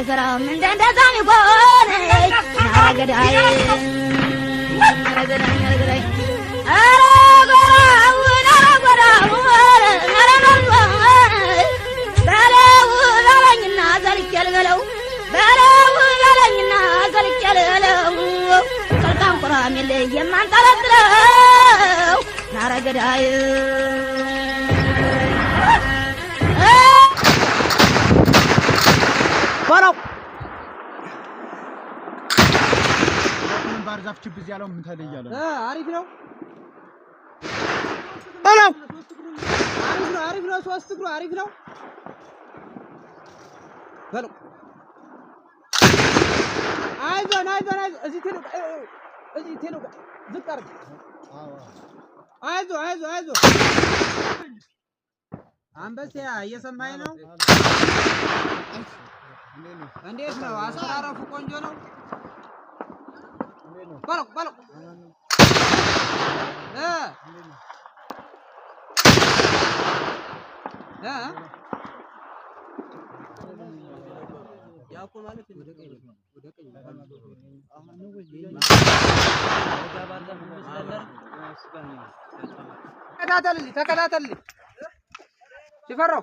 አይሰራም እንደ እንደዛም ይሆነች ናረገዳይ ናረገዳይ ናረገዳይ አረጎራው ናረጎራው በለው ቁራሚል የማንጠለጥለው ናረገዳይ ባራው ባህር ዛፍ ያለው ምን ታደያለ? አሪፍ ነው። አሪፍ ነው። ሶስት እግሩ አሪፍ ነው። አይዞን አይዞን አይዞን እዚህ እዚህ ዝቅ አድርግ። አይዞ አይዞ አይዞ እየሰማኸኝ ነው? እንዴት ነው አሰራረፉ? ቆንጆ ነው። በለው በለው ተከታተልልኝ ተከታተልልኝ ሲፈራው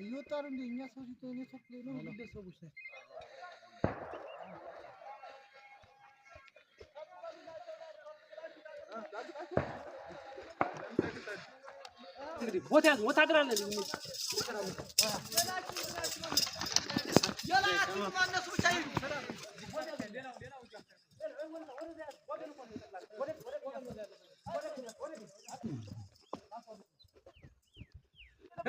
Ayutaron din niya sa sito niya sa pleno ng bigas sa gusto. Вот это, вот это рано. Я лачу, манда сучай. Вот это, бена, бена.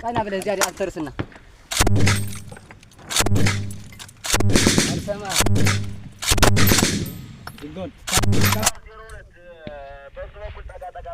ቀና ብለን እዚያ አልተርስና አልሰማ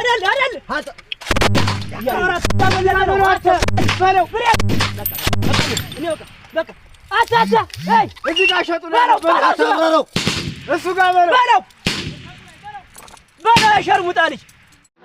አይደል በለው በለው በለው የሸርሙጣ ልጅ Ahai balo.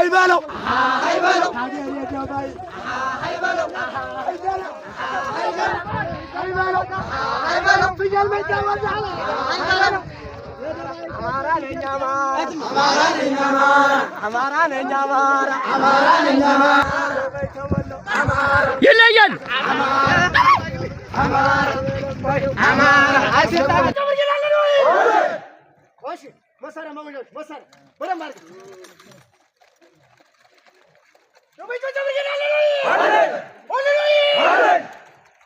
Ahai balo. Ahai balo. ይለያል።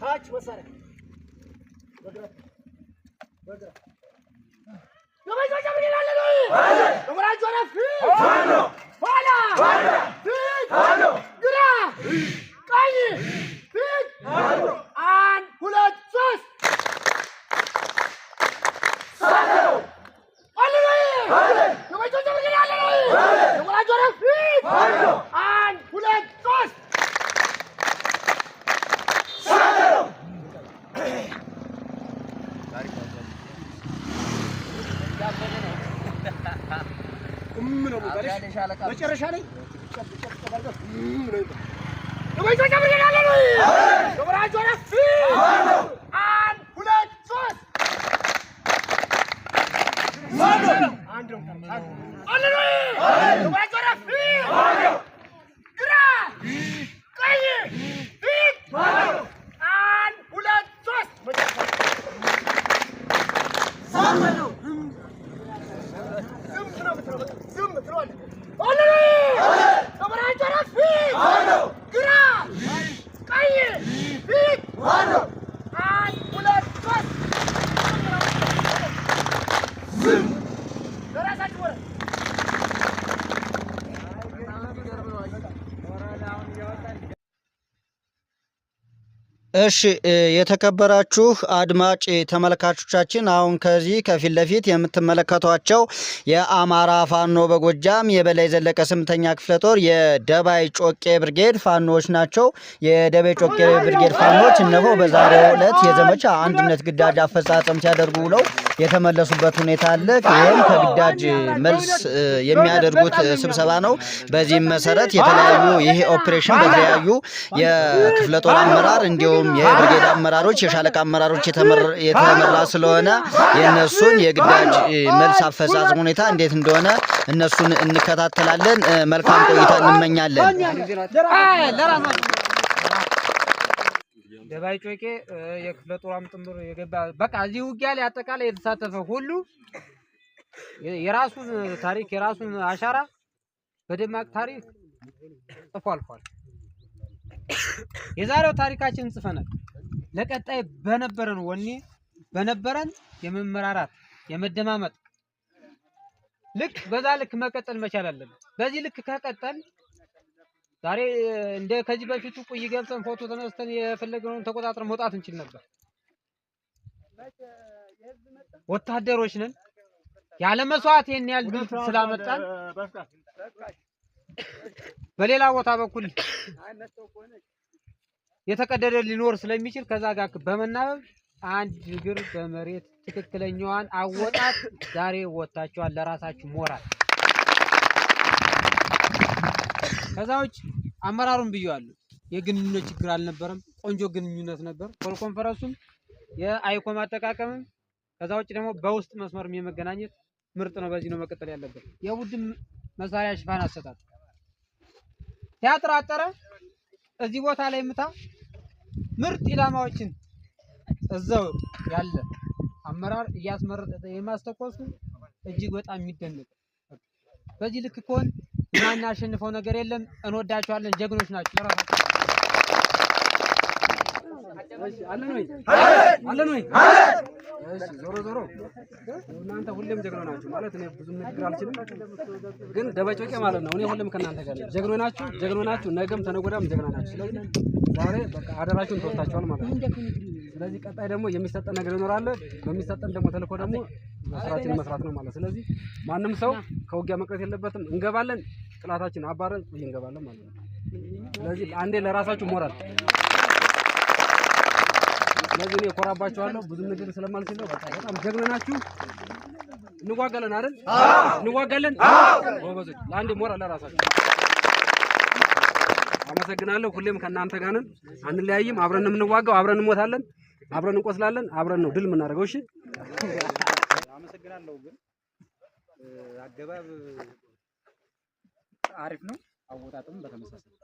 Kaç basarak. Bırak. Bırak. Yavaş hocam ilerleyin. Hayır. Numara çorap. Halo. Hala. Hala. Fit. Halo. Güra. Kayı. Fit. Halo. An. Kulak. Sus. Halo. Halo. Hayır. ولاد ورا فيك Bravo. እሺ የተከበራችሁ አድማጭ ተመልካቾቻችን አሁን ከዚህ ከፊት ለፊት የምትመለከቷቸው የአማራ ፋኖ በጎጃም የበላይ ዘለቀ ስምንተኛ ክፍለ ጦር የደባይ ጮቄ ብርጌድ ፋኖዎች ናቸው። የደባይ ጮቄ ብርጌድ ፋኖዎች እነሆ በዛሬው ዕለት የዘመቻ አንድነት ግዳጅ አፈጻጸም ሲያደርጉ ውለው የተመለሱበት ሁኔታ አለ። ይህም ከግዳጅ መልስ የሚያደርጉት ስብሰባ ነው። በዚህም መሰረት የተለያዩ ይሄ ኦፕሬሽን በተለያዩ የክፍለ ጦር አመራር እንዲሁም የብርጌድ አመራሮች፣ የሻለቃ አመራሮች የተመራ ስለሆነ የእነሱን የግዳጅ መልስ አፈጻጽም ሁኔታ እንዴት እንደሆነ እነሱን እንከታተላለን። መልካም ቆይታ እንመኛለን። ደባይ ጮቄ የክፍለ ጦራም ጥምር የገባ በቃ እዚህ ውጊያ ላይ አጠቃላይ የተሳተፈ ሁሉ የራሱን ታሪክ የራሱን አሻራ በደማቅ ታሪክ ጽፎ አልፏል። የዛሬው ታሪካችን ጽፈናል። ለቀጣይ በነበረን ወኔ በነበረን የመመራራት የመደማመጥ ልክ በዛ ልክ መቀጠል መቻል አለብን። በዚህ ልክ ከቀጠል ዛሬ እንደ ከዚህ በፊቱ ቁይ ገብተን ፎቶ ተነስተን የፈለገውን ተቆጣጥረን መውጣት እንችል ነበር። ወታደሮች ነን። ያለ መስዋዕት ይሄን ያህል ድል ስላመጣን በሌላ ቦታ በኩል የተቀደደ ሊኖር ስለሚችል ከዛ ጋር በመናበብ አንድ እግር በመሬት ትክክለኛዋን አወጣት ዛሬ ወጥታችኋል። ለራሳችሁ ሞራል ከዛ ውጭ አመራሩን ብየዋለሁ። የግንኙነት ችግር አልነበረም። ቆንጆ ግንኙነት ነበር። ኮንፈረንሱም የአይኮም አጠቃቀምም ከዛ ውጭ ደግሞ በውስጥ መስመር የመገናኘት ምርጥ ነው። በዚህ ነው መቀጠል ያለበት። የቡድን መሳሪያ ሽፋን አሰጣጥ ሲያጠራጠረ እዚህ ቦታ ላይ ምታ ምርጥ ኢላማዎችን እዛው ያለ አመራር እያስመረጠ የማስተኮሱ እጅግ በጣም የሚደንቅ በዚህ ልክ ከሆን የማናሸንፈው ነገር የለም። እንወዳቸዋለን። ጀግኖች ናቸው። አለን ወይ? ዞሮ ዞሮ እናንተ ሁሌም ጀግኖ ናችሁ ማለት እኔ ብዙ ንግግር አልችልም፣ ግን ደበጮቄ ማለት ነው። እኔ ሁሌም ከእናንተ ጋር ነኝ። ጀግኖ ናችሁ፣ ጀግኖ ናችሁ፣ ነገም ተነጎዳም ጀግና ናችሁ። ስለዚህ ዛሬ በቃ አደራችሁን ተወስታችኋል ማለት ነው። ስለዚህ ቀጣይ ደግሞ የሚሰጠን ነገር ይኖራል። በሚሰጠን ደግሞ ተልእኮ ደግሞ ስራችንን መስራት ነው ማለት ስለዚህ ማንም ሰው ከውጊያ መቅረት የለበትም። እንገባለን፣ ጥላታችን አባረን እንገባለን ማለት ነው። ስለዚህ አንዴ ለራሳችሁ ሞራል ስለዚህ እኔ እኮራባችኋለሁ። ብዙ ነገር ስለማልችል ነው። በጣም ጀግና ናችሁ። እንዋጋለን አይደል? እንዋጋለን። ጎበዞች፣ ለአንድ ሞራል ለራሳችሁ አመሰግናለሁ። ሁሌም ከእናንተ ጋር ነን፣ አንለያይም። አብረን ነው የምንዋጋው። አብረን እንሞታለን፣ አብረን እንቆስላለን፣ አብረን ነው ድል የምናደርገው። እሺ፣ አመሰግናለሁ። ግን አገባብ አሪፍ ነው፣ አወጣጥም በተመሳሳይ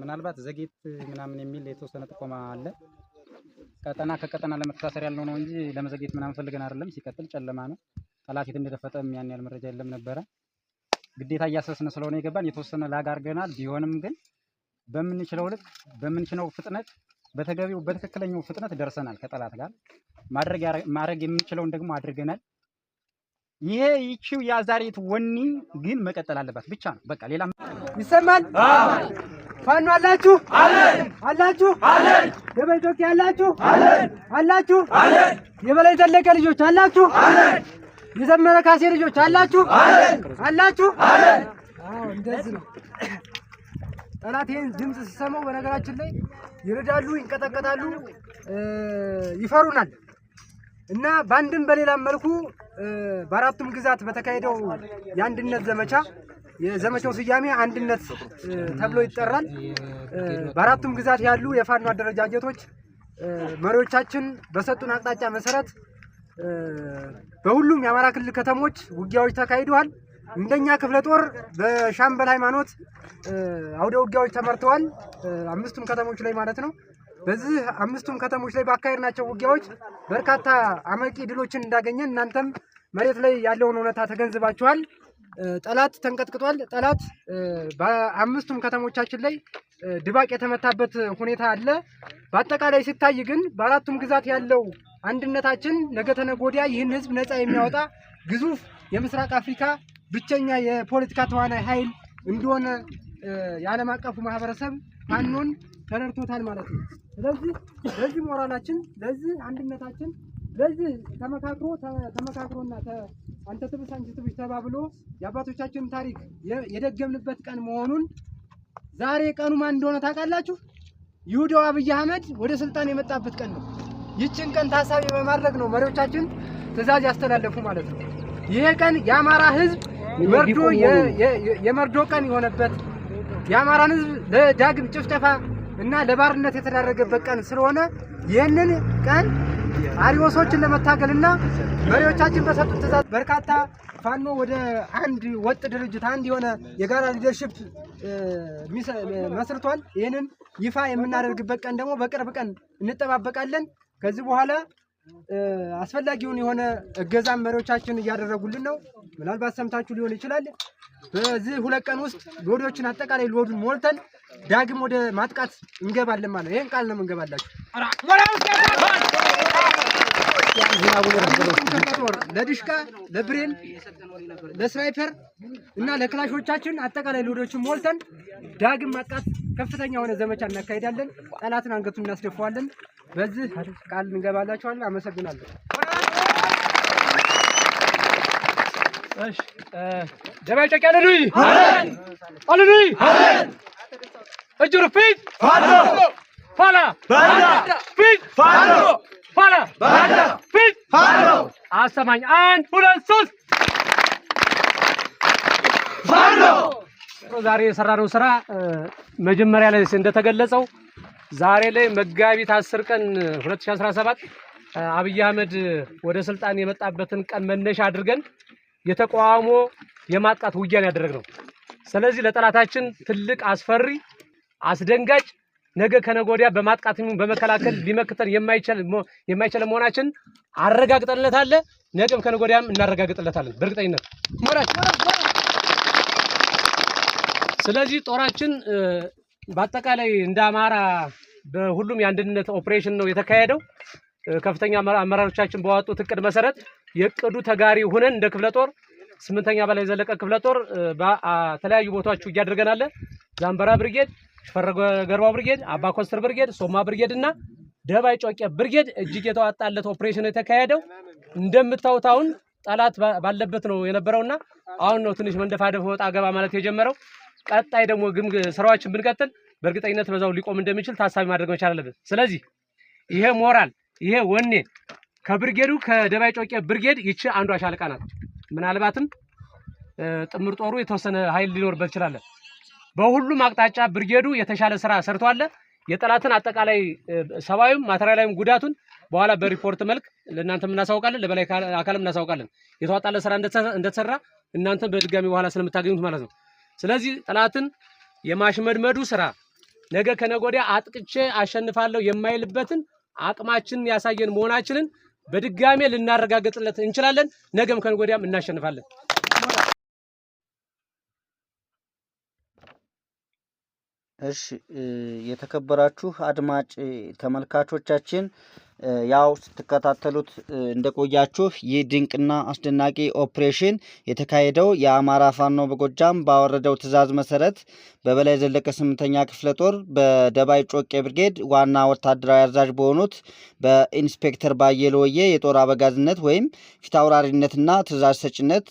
ምናልባት ዘጌት ምናምን የሚል የተወሰነ ጥቆማ አለ። ቀጠና ከቀጠና ለመተሳሰር ያለው ነው እንጂ ለመዘጌት ምናምን ፈልገን አይደለም። ሲቀጥል ጨለማ ነው። ጠላት የት እንደተፈጠም ያን ያህል መረጃ የለም ነበረ። ግዴታ እያሰስን ስለሆነ የገባን የተወሰነ ላግ አድርገናል። ቢሆንም ግን በምንችለው ልክ በምንችለው ፍጥነት በተገቢው በትክክለኛው ፍጥነት ደርሰናል ከጠላት ጋር ማድረግ የምንችለውን ደግሞ አድርገናል። ይሄ ይቺው የአዛሬት ወኒ ግን መቀጠል አለባት ብቻ ነው። በቃ ሌላ ይሰማል። ፋኖ አላችሁ አለን አላችሁ አለን ደብረ ኢትዮጵያ አላችሁ አለን አላችሁ አለን የበላይ ዘለቀ ልጆች አላችሁ አለን የዘመረ ካሴ ልጆች አላችሁ አለን አላችሁ አለን። አዎ እንደዚህ ነው። ጠላት ይህን ድምፅ ሲሰማው በነገራችን ላይ ይረዳሉ፣ ይንቀጠቀጣሉ፣ ይፈሩናል እና በአንድም በሌላም መልኩ በአራቱም ግዛት በተካሄደው የአንድነት ዘመቻ የዘመቻው ስያሜ አንድነት ተብሎ ይጠራል። በአራቱም ግዛት ያሉ የፋኖ አደረጃጀቶች መሪዎቻችን በሰጡን አቅጣጫ መሰረት በሁሉም የአማራ ክልል ከተሞች ውጊያዎች ተካሂደዋል። እንደኛ ክፍለ ጦር በሻምበል ሃይማኖት አውደ ውጊያዎች ተመርተዋል። አምስቱም ከተሞች ላይ ማለት ነው። በዚህ አምስቱም ከተሞች ላይ ባካሄድናቸው ውጊያዎች በርካታ አመርቂ ድሎችን እንዳገኘን እናንተም መሬት ላይ ያለውን እውነታ ተገንዝባችኋል። ጠላት ተንቀጥቅጧል። ጠላት በአምስቱም ከተሞቻችን ላይ ድባቅ የተመታበት ሁኔታ አለ። በአጠቃላይ ሲታይ ግን በአራቱም ግዛት ያለው አንድነታችን ነገ ተነጎዲያ ይህን ህዝብ ነፃ የሚያወጣ ግዙፍ የምስራቅ አፍሪካ ብቸኛ የፖለቲካ ተዋናይ ኃይል እንደሆነ የዓለም አቀፉ ማህበረሰብ ፋኖን ተረድቶታል ማለት ነው። ስለዚህ ለዚህ ሞራላችን፣ ለዚህ አንድነታችን ስለዚህ ተመካክሮ ተመካክሮና አንተ ትብስ አንቺ ትብሽ ተባብሎ ታሪክ የደገምንበት ቀን መሆኑን ዛሬ ቀኑ ማን እንደሆነ ታውቃላችሁ? ይሁዳው አብይ አህመድ ወደ ስልጣን የመጣበት ቀን ነው። ይችን ቀን ታሳቢ በማድረግ ነው መሪዎቻችን ትእዛዝ ያስተላለፉ ማለት ነው። ይሄ ቀን የአማራ ህዝብ መርዶ የመርዶ ቀን የሆነበት የአማራን ህዝብ ለዳግም ጭፍጨፋ እና ለባርነት የተዳረገበት ቀን ስለሆነ ይህንን ቀን አሪዎሶችን ለመታገልና መሪዎቻችን በሰጡት ትዕዛዝ በርካታ ፋኖ ወደ አንድ ወጥ ድርጅት አንድ የሆነ የጋራ ሊደርሽፕ መስርቷል። ይህንን ይፋ የምናደርግበት ቀን ደግሞ በቅርብ ቀን እንጠባበቃለን። ከዚህ በኋላ አስፈላጊውን የሆነ እገዛም መሪዎቻችን እያደረጉልን ነው። ምናልባት ሰምታችሁ ሊሆን ይችላል። በዚህ ሁለት ቀን ውስጥ ሎዶችን አጠቃላይ ሎዱን ሞልተን ዳግም ወደ ማጥቃት እንገባለን ማለት ነው። ይህን ቃል ነው እንገባላችሁ። ለድሽቃ፣ ለብሬን፣ ለስናይፐር እና ለክላሾቻችን አጠቃላይ ሎዶችን ሞልተን ዳግም ማጥቃት ከፍተኛ የሆነ ዘመቻ እናካሄዳለን። ጠላትን አንገቱን እናስደፋዋለን። በዚህ ቃል እንገባላችኋለን። አመሰግናለሁ። ደባይ ጨቅ አለሉይ አለሉይ እጁር ፊት ፋኖ ፋና ባንዳ ፊት ፋኖ ፋና ባንዳ ፊት ፋኖ አሰማኝ። አንድ ሁለት ሶስት ፋኖ። ዛሬ የሰራነው ስራ መጀመሪያ ላይ እንደተገለጸው ዛሬ ላይ መጋቢት 10 ቀን 2017 አብይ አህመድ ወደ ስልጣን የመጣበትን ቀን መነሻ አድርገን የተቃውሞ የማጥቃት ውጊያን ያደረግነው ስለዚህ ለጠላታችን ትልቅ አስፈሪ አስደንጋጭ ነገ ከነገ ወዲያ በማጥቃት በመከላከል ሊመክተን የማይችል መሆናችን አረጋግጠንለታል። ነገም ከነገ ወዲያም እናረጋግጥለታለን በእርግጠኝነት ስለዚህ ጦራችን በአጠቃላይ እንደ አማራ በሁሉም የአንድነት ኦፕሬሽን ነው የተካሄደው። ከፍተኛ አመራሮቻችን በዋጡት እቅድ መሰረት የእቅዱ ተጋሪ ሁነን እንደ ክፍለ ጦር ስምንተኛ በላይ ዘለቀ ክፍለ ጦር በተለያዩ ቦታዎች ውጊያ አድርገናል። ዛምበራ ብርጌድ፣ ሽፈረገ ብርጌድ፣ አባ ኮስተር ብርጌድ፣ ሶማ ብርጌድ እና ደባይ ጮቄ ብርጌድ እጅግ የተዋጣለት ኦፕሬሽን የተካሄደው። እንደምታዩት አሁን ጠላት ባለበት ነው የነበረውና አሁን ነው ትንሽ መንደፋደፍ ወጣ ገባ ማለት የጀመረው። ቀጣይ ደግሞ ግም ስራዎችን ብንቀጥል በእርግጠኝነት በዛው ሊቆም እንደሚችል ታሳቢ ማድረግ መቻል አለበት። ስለዚህ ይሄ ሞራል ይሄ ወኔ ከብርጌዱ ከደባይ ጮቄ ብርጌድ ይቺ አንዷ ሻለቃ ናት። ምናልባትም ጥምር ጦሩ የተወሰነ ኃይል ሊኖርበት ይችላል። በሁሉም አቅጣጫ ብርጌዱ የተሻለ ስራ ሰርቷል። የጠላትን አጠቃላይ ሰብአዊም ማቴሪያላዊም ጉዳቱን በኋላ በሪፖርት መልክ ለእናንተም እናሳውቃለን፣ ለበላይ አካልም እናሳውቃለን። የተዋጣለ ስራ እንደተሰራ እናንተም በድጋሚ በኋላ ስለምታገኙት ማለት ነው። ስለዚህ ጠላትን የማሽመድመዱ ስራ ነገ ከነገ ወዲያ አጥቅቼ አሸንፋለሁ የማይልበትን አቅማችንን ያሳየን መሆናችንን በድጋሜ ልናረጋግጥለት እንችላለን። ነገም ከነጎዲያም እናሸንፋለን። እሺ የተከበራችሁ አድማጭ ተመልካቾቻችን ያው ስትከታተሉት እንደቆያችሁ ይህ ድንቅና አስደናቂ ኦፕሬሽን የተካሄደው የአማራ ፋኖ በጎጃም ባወረደው ትዕዛዝ መሰረት በበላይ ዘለቀ ስምንተኛ ክፍለ ጦር በደባይ ጮቄ ብርጌድ ዋና ወታደራዊ አዛዥ በሆኑት በኢንስፔክተር ባየለ ወየ የጦር አበጋዝነት ወይም ፊታውራሪነትና ትዕዛዝ ሰጭነት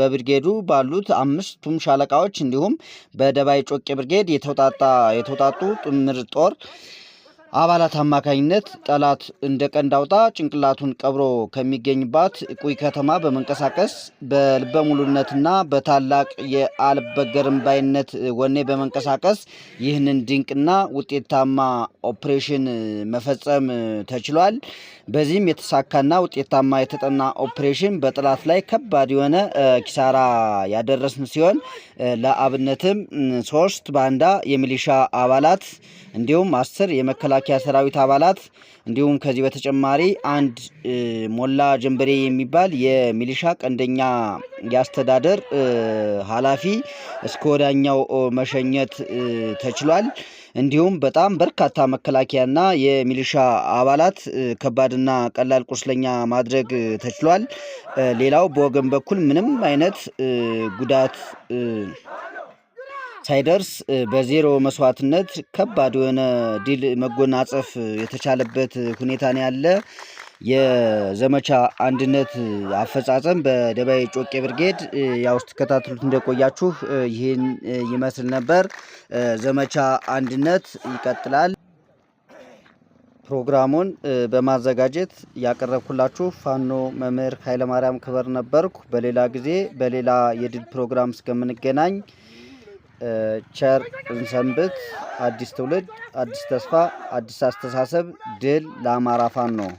በብርጌዱ ባሉት አምስቱም ሻለቃዎች እንዲሁም በደባይ ጮቄ ብርጌድ የተውጣጣ የተውጣጡ ጥምር ጦር አባላት አማካኝነት ጠላት እንደ ቀንድ አውጣ ጭንቅላቱን ቀብሮ ከሚገኝባት ቁይ ከተማ በመንቀሳቀስ በልበ ሙሉነትና በታላቅ የአልበገርም ባይነት ወኔ በመንቀሳቀስ ይህንን ድንቅና ውጤታማ ኦፕሬሽን መፈጸም ተችሏል። በዚህም የተሳካና ውጤታማ የተጠና ኦፕሬሽን በጠላት ላይ ከባድ የሆነ ኪሳራ ያደረስን ሲሆን ለአብነትም ሶስት ባንዳ የሚሊሻ አባላት እንዲሁም አስር የመከላከያ መከላከያ ሰራዊት አባላት እንዲሁም ከዚህ በተጨማሪ አንድ ሞላ ጀንበሬ የሚባል የሚሊሻ ቀንደኛ የአስተዳደር ኃላፊ እስከ ወዳኛው መሸኘት ተችሏል። እንዲሁም በጣም በርካታ መከላከያና የሚሊሻ አባላት ከባድና ቀላል ቁስለኛ ማድረግ ተችሏል። ሌላው በወገን በኩል ምንም አይነት ጉዳት ሳይደርስ በዜሮ መስዋዕትነት ከባድ የሆነ ድል መጎናጸፍ የተቻለበት ሁኔታ ነው ያለ። የዘመቻ አንድነት አፈጻጸም በደባይ ጮቄ ብርጌድ ያው ስትከታተሉት እንደቆያችሁ ይህን ይመስል ነበር። ዘመቻ አንድነት ይቀጥላል። ፕሮግራሙን በማዘጋጀት ያቀረብኩላችሁ ፋኖ መምህር ኃይለማርያም ክበር ነበርኩ። በሌላ ጊዜ በሌላ የድል ፕሮግራም እስከምንገናኝ ቸር እንሰንብት። አዲስ ትውልድ፣ አዲስ ተስፋ፣ አዲስ አስተሳሰብ። ድል ለአማራ ፋኖ ነው።